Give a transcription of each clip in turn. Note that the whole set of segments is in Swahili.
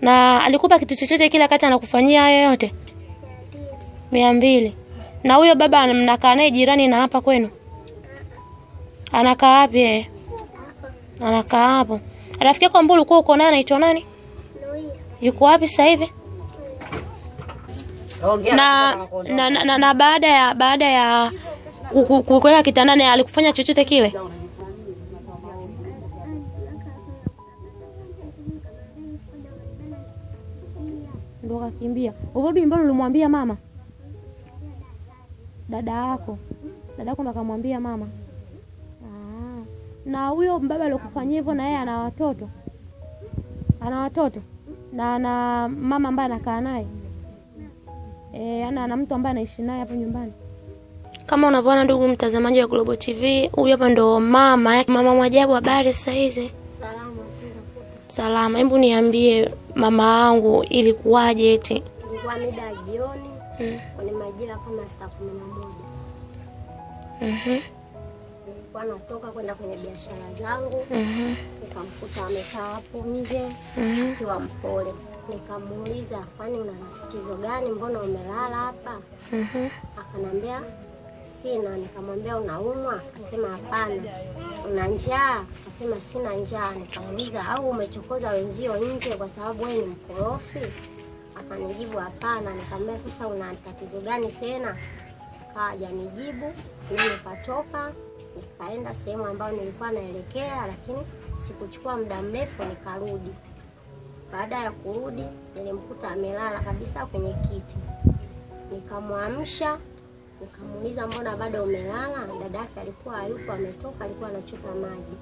Na alikupa kitu chochote kile wakati anakufanyia hayo yote? mia mbili. Na huyo baba mnakaa naye jirani na hapa kwenu? Anakaa wapi yeye? Anakaa hapo. Rafiki yako ambaye ulikuwa uko naye anaitwa nani? Yuko wapi sasa hivi? Na, na, na, na, na baada ya baada ya kukuweka kitandani alikufanya chochote kile? Ndo kakimbia. Urudi nyumbani ulimwambia mama? Dada yako. Dada yako ndo akamwambia mama na huyo mbaba aliyokufanyia hivyo na yeye ana watoto, ana watoto na ana mama ambaye anakaa naye e, ana ana mtu ambaye anaishi naye hapo nyumbani. Kama unavyoona ndugu mtazamaji wa Global TV, huyu hapa ndo mama mama Mwajabu. Habari sasa hizi? Salama. Salama. Hebu niambie mama wangu ilikuwaje eti? Ilikuwa mida ya jioni. Mm. Kwenye majira kama saa 11. Mhm. Mm nilikuwa natoka kwenda kwenye biashara zangu mm -hmm. amekaa hapo nje akiwa mm -hmm. mpole. Nikamuuliza, kwani una tatizo gani? Mbona umelala hapa? mm -hmm. Akanambia sina. Nikamwambia unaumwa? Akasema hapana. Una njaa? Akasema sina njaa. Nikamuuliza, au umechokoza wenzio nje kwa sababu wewe ni mkorofi? Akanijibu hapana. Nikamwambia sasa una tatizo gani tena? Akaja nijibu, mimi nikatoka nikaenda sehemu ambayo nilikuwa naelekea, lakini sikuchukua muda mrefu nikarudi. Baada ya kurudi, nilimkuta amelala kabisa kwenye kiti. Nikamwamsha, nikamuuliza mbona bado umelala? Dada yake alikuwa hayupo, ametoka, alikuwa anachota maji.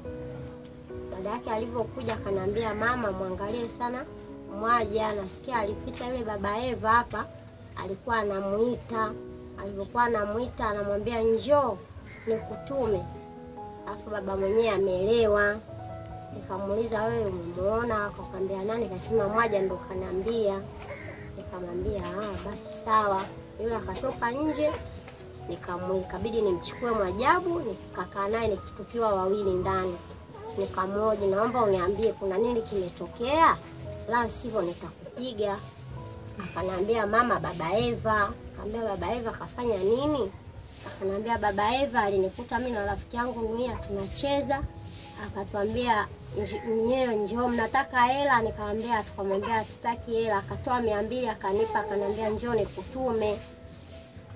Dada yake alivyokuja akaniambia, mama, mwangalie sana mwaji, anasikia alipita yule baba Eva hapa, alikuwa anamuita. Alivyokuwa anamuita, anamwambia njoo ni kutume, Afu baba mwenyewe amelewa. Nikamuuliza, wewe umemuona? Akakwambia nani? Kasema mwaja ndo kanambia. Nikamwambia ah, basi sawa. Yule akatoka nje, nikabidi nimchukue Mwajabu, nikakaa naye nikitukiwa wawili ndani. Nikamhoji, naomba uniambie kuna nini kimetokea, la sivyo nitakupiga. Akanambia mama, baba Eva. Kaambia baba Eva kafanya nini? Ananiambia baba Eva alinikuta mimi na rafiki yangu Mia tunacheza, akatuambia mwenyewe njoo mnataka hela, nikamwambia tukamwambia tutaki hela, akatoa mia mbili akanipa, akaniambia njoo nikutume.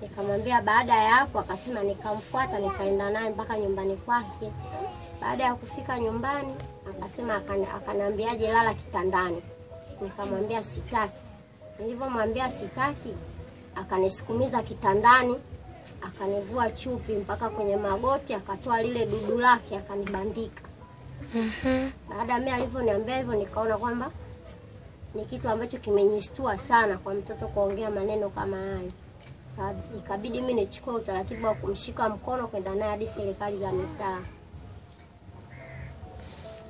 Nikamwambia baada ya hapo, akasema nikamfuata, nikaenda naye mpaka nyumbani kwake. Baada ya kufika nyumbani, akasema akaniambiaje, lala kitandani. Nikamwambia sitaki. Nilivyomwambia sitaki, akanisukumiza kitandani akanivua chupi mpaka kwenye magoti, akatoa lile dudu lake akanibandika. mm Baada mimi alivyoniambia hivyo, nikaona kwamba ni kitu ambacho kimenyistua sana kwa mtoto kuongea maneno kama hayo. Ikabidi mimi nichukue utaratibu wa kumshika mkono kwenda naye hadi serikali za mitaa.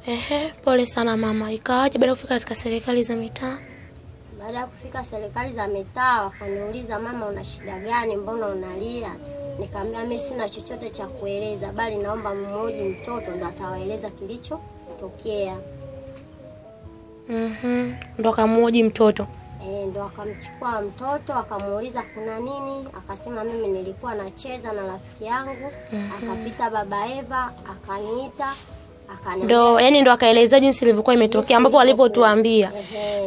Ehe, pole sana mama. Ikawaje baada kufika katika serikali za mitaa? Baada ya kufika serikali za mitaa, wakaniuliza mama, una shida gani? Mbona unalia? Nikamwambia mimi sina chochote cha kueleza, bali naomba mmoji mtoto ndo atawaeleza kilichotokea. Mhm, ndo akamwoji mtoto Eh, ndo akamchukua mtoto akamuuliza kuna nini, akasema mimi nilikuwa nacheza na rafiki yangu mm -hmm. Akapita baba Eva akaniita ndo yani ndo akaelezea jinsi ilivyokuwa imetokea ambapo walivyotuambia.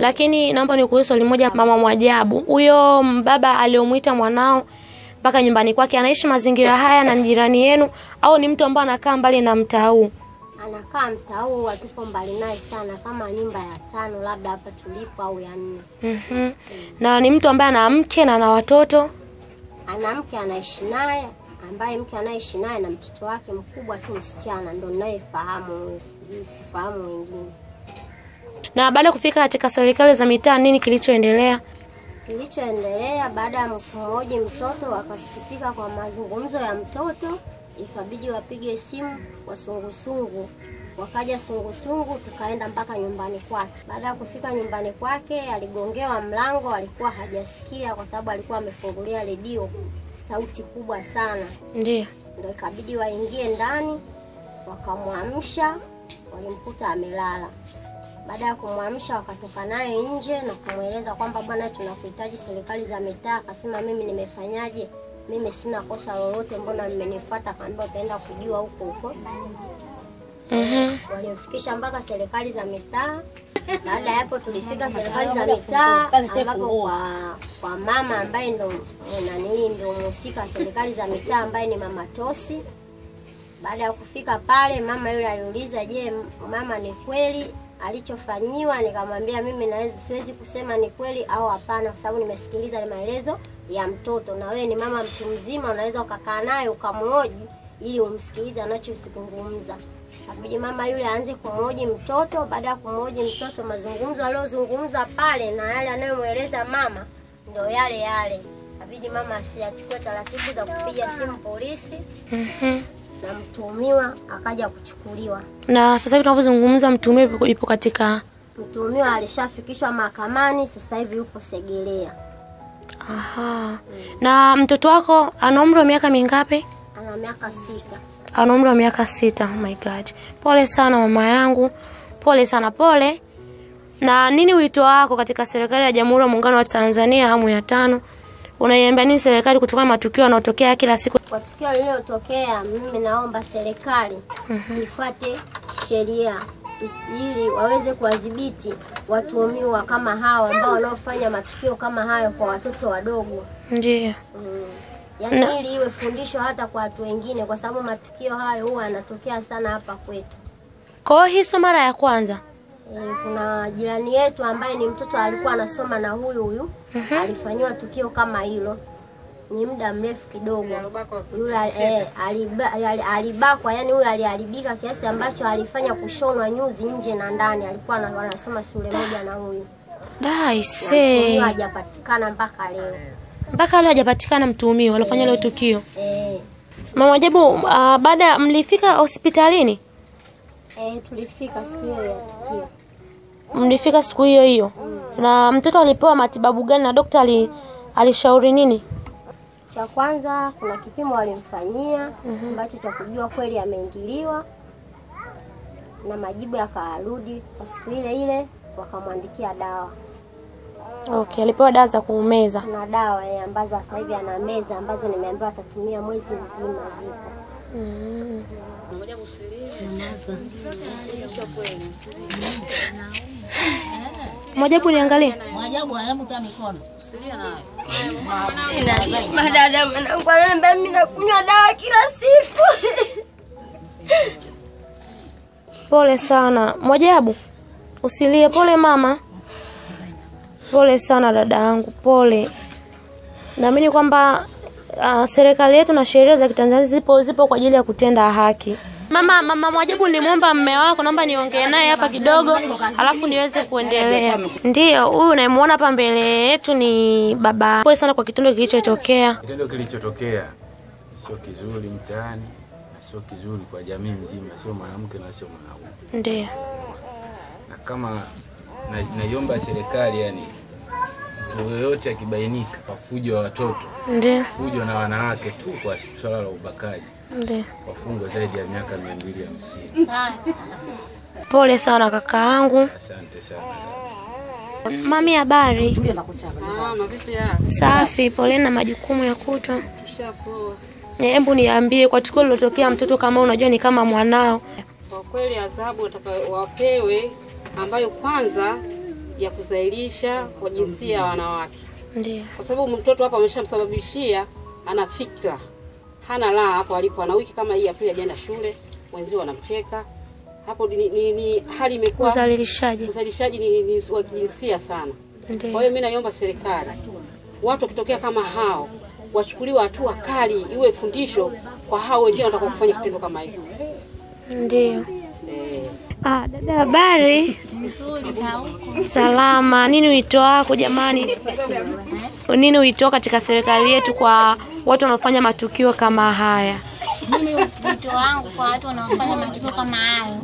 Lakini naomba nikuhusu swali moja, mama Mwajabu, huyo baba aliyomwita mwanao mpaka nyumbani kwake, anaishi mazingira haya na jirani yenu, au ni mtu ambaye anakaa mbali na mtaa Anakaa mtaa huu, mbali naye sana, kama nyumba ya tano labda hapa tulipo au ya nne. mm -hmm. Na ni mtu ambaye ana mke na ana watoto, ana mke anaishi naye ambaye mke anayeishi naye na mtoto wake mkubwa tu msichana, ndo ninayefahamu, usifahamu wengine. Na baada ya kufika katika serikali za mitaa, nini kilichoendelea? Kilichoendelea baada ya mfumoji mtoto wakasikitika kwa mazungumzo ya mtoto, ikabidi wapige simu kwa sungusungu. Wakaja sungusungu, tukaenda mpaka nyumbani kwake. Baada ya kufika nyumbani kwake, aligongewa mlango, alikuwa hajasikia kwa sababu alikuwa amefungulia redio sauti kubwa sana, ndio ndio ikabidi waingie ndani, wakamwamsha, walimkuta amelala. Baada ya kumwamsha wakatoka naye nje na kumweleza kwamba bwana, tunakuhitaji serikali za mitaa. Akasema mimi nimefanyaje? Mimi sina kosa lolote, mbona mmenifata Akaambia utaenda kujua huko huko. mm -hmm. Walimfikisha mpaka serikali za mitaa. Baada ya hapo tulifika serikali za mitaa ambapo kwa, kwa mama ambaye ndo nani ndo mhusika wa serikali za mitaa ambaye ni mama Tosi. Baada ya kufika pale, mama yule aliuliza, je, mama ni kweli alichofanyiwa? Nikamwambia mimi naweza siwezi kusema ni kweli au hapana, kwa sababu nimesikiliza ni maelezo ya mtoto, na wewe ni mama mtu mzima, unaweza ukakaa naye ukamhoji ili umsikilize anachozungumza. Abidi mama yule aanze kumhoji mtoto. Baada ya kumhoji mtoto, mazungumzo aliyozungumza pale na yale anayomweleza mama ndio yale yale. Abidi mama asiyachukue taratibu za kupiga simu polisi mhm. na mtuhumiwa akaja kuchukuliwa. Na sasa hivi tunavyozungumza, mtuhumiwa ipo katika, mtuhumiwa alishafikishwa mahakamani, sasa hivi yupo Segerea. Aha. Mm. Na mtoto wako ana umri wa miaka mingapi? Ana miaka sita ana umri wa miaka sita. My God, pole sana mama yangu, pole sana, pole. Na nini wito wako katika serikali ya Jamhuri ya Muungano wa Tanzania awamu ya tano? Unaiambia nini serikali kutokana na matukio yanayotokea kila siku? Kwa tukio lililotokea, mimi naomba serikali mm -hmm. ifuate sheria ili waweze kuwadhibiti watuhumiwa kama hawa ambao wanaofanya matukio kama hayo kwa watoto wadogo. Ndio. mm yaani ili iwe fundisho hata kwa watu wengine, kwa sababu matukio hayo huwa yanatokea sana hapa kwetu. Kwa hiyo hii sio mara ya kwanza. E, kuna jirani yetu ambaye ni mtoto alikuwa anasoma na huyu huyu mm -hmm. alifanyiwa tukio kama hilo ni muda mrefu kidogo. Yule eh, aliba, yani huyo aliharibika kiasi ambacho alifanya kushonwa nyuzi nje na ndani. Alikuwa anasoma shule moja na huyu. Da, mpaka leo mpaka leo hajapatikana mtuhumiwa alofanya leo tukio. Mama Jebu, uh, baada mlifika hospitalini? E, tulifika siku hiyo ya tukio. Mlifika siku hiyo hiyo mm. Na mtoto alipewa matibabu gani na daktari alishauri nini? Cha kwanza kuna kipimo alimfanyia ambacho mm -hmm. cha kujua kweli ameingiliwa, na majibu yakarudi kwa siku ile ile, wakamwandikia dawa. Okay, alipewa dawa za kumeza. Kuna dawa ya ambazo sasa hivi anameza ambazo nimeambiwa atatumia mwezi mzima zipo. Mm. Mwajabu niangalie. Usilie mimi nakunywa dawa kila siku. Pole sana. Mwajabu. Usilie, pole mama pole sana dada yangu pole naamini kwamba uh, serikali yetu na sheria za kitanzania zipo zipo kwa ajili ya kutenda haki mama mama mwajibu nimuomba mme wako naomba niongee naye hapa kidogo alafu niweze kuendelea ndio huyu unayemwona hapa mbele yetu ni baba pole sana kwa kitendo kilichotokea kitendo kilichotokea sio kizuri mtaani sio kizuri kwa jamii mzima sio mwanamke na sio mwanaume ndio na kama naiomba na serikali yani yoyote akibainika wafujo wa watoto ndio fujo na wanawake tu kwa swala la ubakaji ndio zaidi ya miaka mia mbili hamsini. Pole sana kaka yangu. Asante sana. Mami, habari? Safi, pole na majukumu ya kutwa. Eh, hebu niambie kwa tukio lilotokea, mtoto kama unajua ni kama mwanao. Kwa kweli adhabu wapewe ambayo kwanza ya kuzailisha kwa jinsia ya wanawake, ndiyo. Kwa sababu mtoto hapo ameshamsababishia, ana fikra, hana laa hapo alipo, ana wiki kama hii ya pili shule, wenzio wanamcheka hapo ni, ni, ni hali imekuwa uzalishaji uzalishaji ni, ni, ni wa kijinsia sana. Ndiyo. Kwa hiyo mimi naiomba serikali, watu wakitokea kama hao wachukuliwe hatua kali, iwe fundisho kwa hao wengine watakao kufanya kitendo kama hicho. Ndio. Eh. Ah, dada habari? Salama. Nini wito wako jamani? Nini wito katika serikali yetu kwa watu wanaofanya matukio kama haya? Mimi wito wangu kwa watu wanaofanya matukio kama hayo,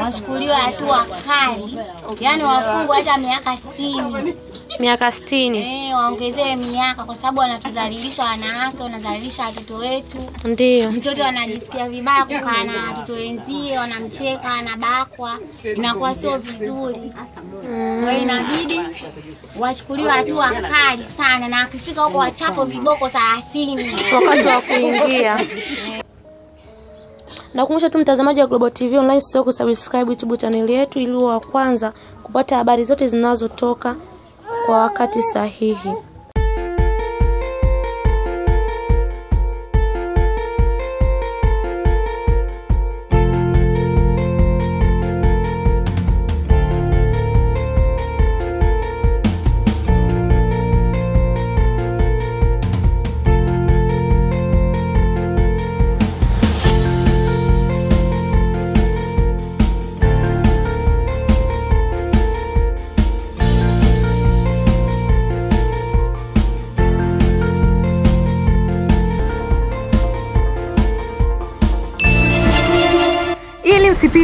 washukuliwe hatua kali, yaani wafungwe hata miaka sitini miaka sitini. Eh, waongezee miaka kwa sababu wanatudhalilisha wanawake, wanazalilisha watoto wetu. Ndio. Mtoto anajisikia vibaya kukaa na watoto wenzie, wanamcheka, anabakwa, inakuwa sio vizuri. Mm. Kwa inabidi wachukuliwa hatua kali sana na akifika huko wachapo viboko 30 wakati wa kuingia. Nakumbusha tu mtazamaji wa Global TV Online sio kusubscribe YouTube chaneli yetu ili wa kwanza kupata habari zote zinazotoka kwa wakati sahihi.